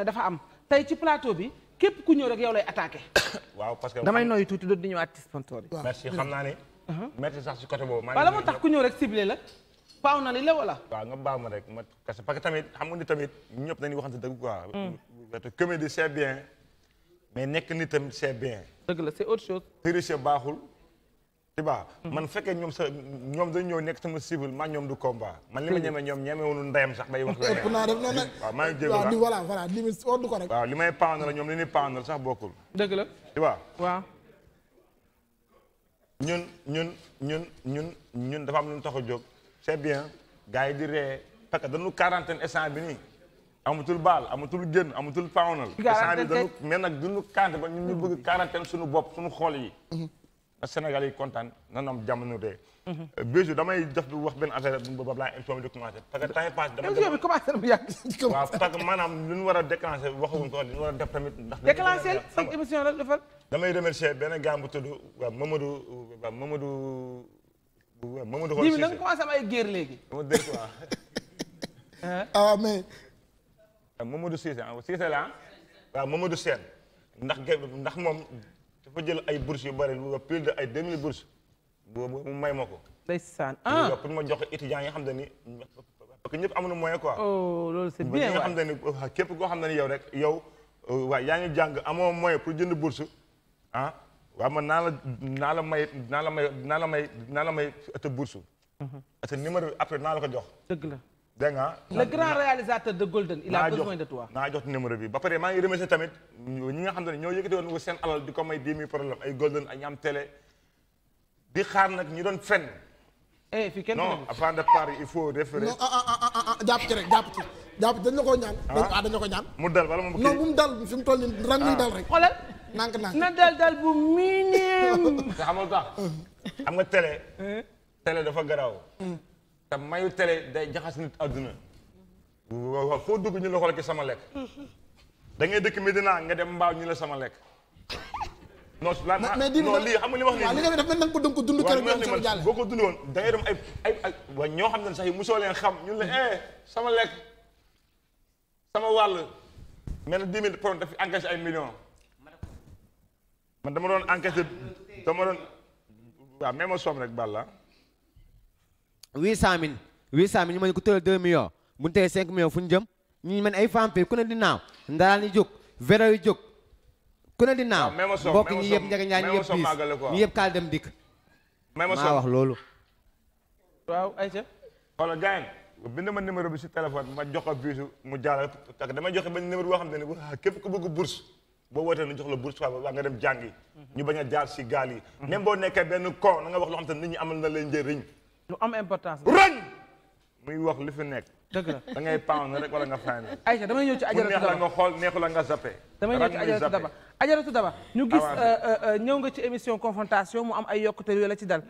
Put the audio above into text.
dafa am tey ci plateau bi képp ku ñëw rek yow lay attaqué. waaw parce que damay nooyu tuuti doot di ñëwaat ci sponsor yi. merci xam naa ne. Uh-huh. merci sax ci côté boobu. maa ngi moo tax ku ñëw rek ciblé la. paaw na li la wala. waaw nga baax ma rek ma parce que tamit xam nga ni tamit ñëpp dañuy waxante dëgg quoi. parce mm. que mais nekk nitam c'est bien. dëgg la c'est autre chose. tricher baaxul. Iba man fekkee ñoom sa ñoom dañ ñëw nekk sama civil ma ñoom du combat man li ma ñeme ñoom ñemewuñu ndeyam sax day wax ëpp naa def waaw maa ngi jégalu waaw di voilà voilà ko rek waaw li may pendre la ñoom li ñuy pendre sax bokkul dëgg la Iba waaw ñun ñun dafa am lu tax jóg c'est bien gars yi di parce que dañu quarantaine instant bi nii amutul baal amatul génn amatul pawnal instant bi dañu mais nag duñu kante ba ñun ñu bëgg quarantaine suñu bopp suñu xool yi mhm. na Sénégal yi kontaan na ñoom jamono de. Bijou damay def du wax benn affaire bu boobu laa émission bi di commencé. parce que temps yii passé dama émission bi commencé na mu yàgg. waaw parce que maanaam lu ñu a déclenché waxuñu ko li ñu a def tamit. ndax déclenché cinq émission la defal. damay remercier benn gars bu tudd waaw Mamadou waaw Mamadou. waaw Mamadou Xol Cissé da nga commencé am ay guerre léegi. Ah, ah, la ah. waaw Mamadou Sène. ndax ndax moom. dafa jël ay bourses yu bari lu plus de ay 2000 bourses boobu may ma ko. ndeysaan ah pour ma jox étudiants yi nga xam ne ni parce que ñëpp amuñu moyen quoi. oh loolu c'est bien nga xam ne ni oh, képp koo xam ne ni yow rek yow oh, waaye yaa ngi jàng amoo moyen pour jënd bourse ah waaw man naa la naa la may naa la may naa la may naa la may te bourse. parce mhm. que numéro bi après naa la ko jox. dëgg la. dégg nga le grand réalisateur de Golden. il a besoin de toi naa jox numéro bi ba pare maa ngi remercier tamit ñi nga xam ne ñoo yëkkati woon seen alal di ko may 10 000 problème ay Golden a ñam télé di xaar nag ñi doon fenn. eh fi kenn non avant de partir il faut référer. Ah, ah, ah, jàpp ci rek jàpp ci jàpp dañ la ko ñaan. ah dañ la ko ñaan. mu dal wala moom non bu mu dal fi mu toll nii ren mi dal rek. xoolal nànk nànk na dal dal bu minim. te xam nga tax xam nga télé. Eh? télé dafa te mayu day jaxas nit àdduna waaw foo dugg ñu la xool ki sama lekk da ngay dëkk Medina nga dem mbaaw ñu la sama lekk non mais di non lii xam nga li ko dënk ko dund keroog jàll boo ko dund woon da ngay ay ay ay wa ñoo xam ne sax yi musoo leen xam ñu la eh sama lekk sama wàll mel na dix mille problème dafi engagé ay million man dama doon enquête dama doon waaw même ma soom rek balla huit cent mille huit cent mille ñu mën ko tëral deux millions bu ñu tëyee cinq millions fu ñu jëm ñu mën ay vampire ku ne di naaw ndaraan ni jóg véro yu jóg ku ne di naaw mbokk ñi yëpp njëkk ñaar ñi yëpp piis ñi yëpp kaal dem dikk maa wax loolu waaw Aïcha xoolal gaañ bind ma numéro bi si téléphone ma jox ko biisu mu jàllale tak dama joxe benn numéro boo xam ne képp ku bëgg bourse boo wootee nu jox la bourse waaw waa nga dem jàngi ñu bañ a jaar si gaal yi mm-hmm. même boo nekkee benn ko na nga wax loo xam te nit ñi amal na leen jëriñ lu am importance roñ muy wax li fi nekk. dëgg la da ngay pound rek wala nga fayal. Aïcha damay ñëw ci ajaratu daba neex la nga xool neexu la nga zappé. damay ñëw ci ajaratu daba ajaratu daba ñu gis euh, euh, euh, ñëw nga ci émission confrontation mu am ay yokkute yooyu la ci dal.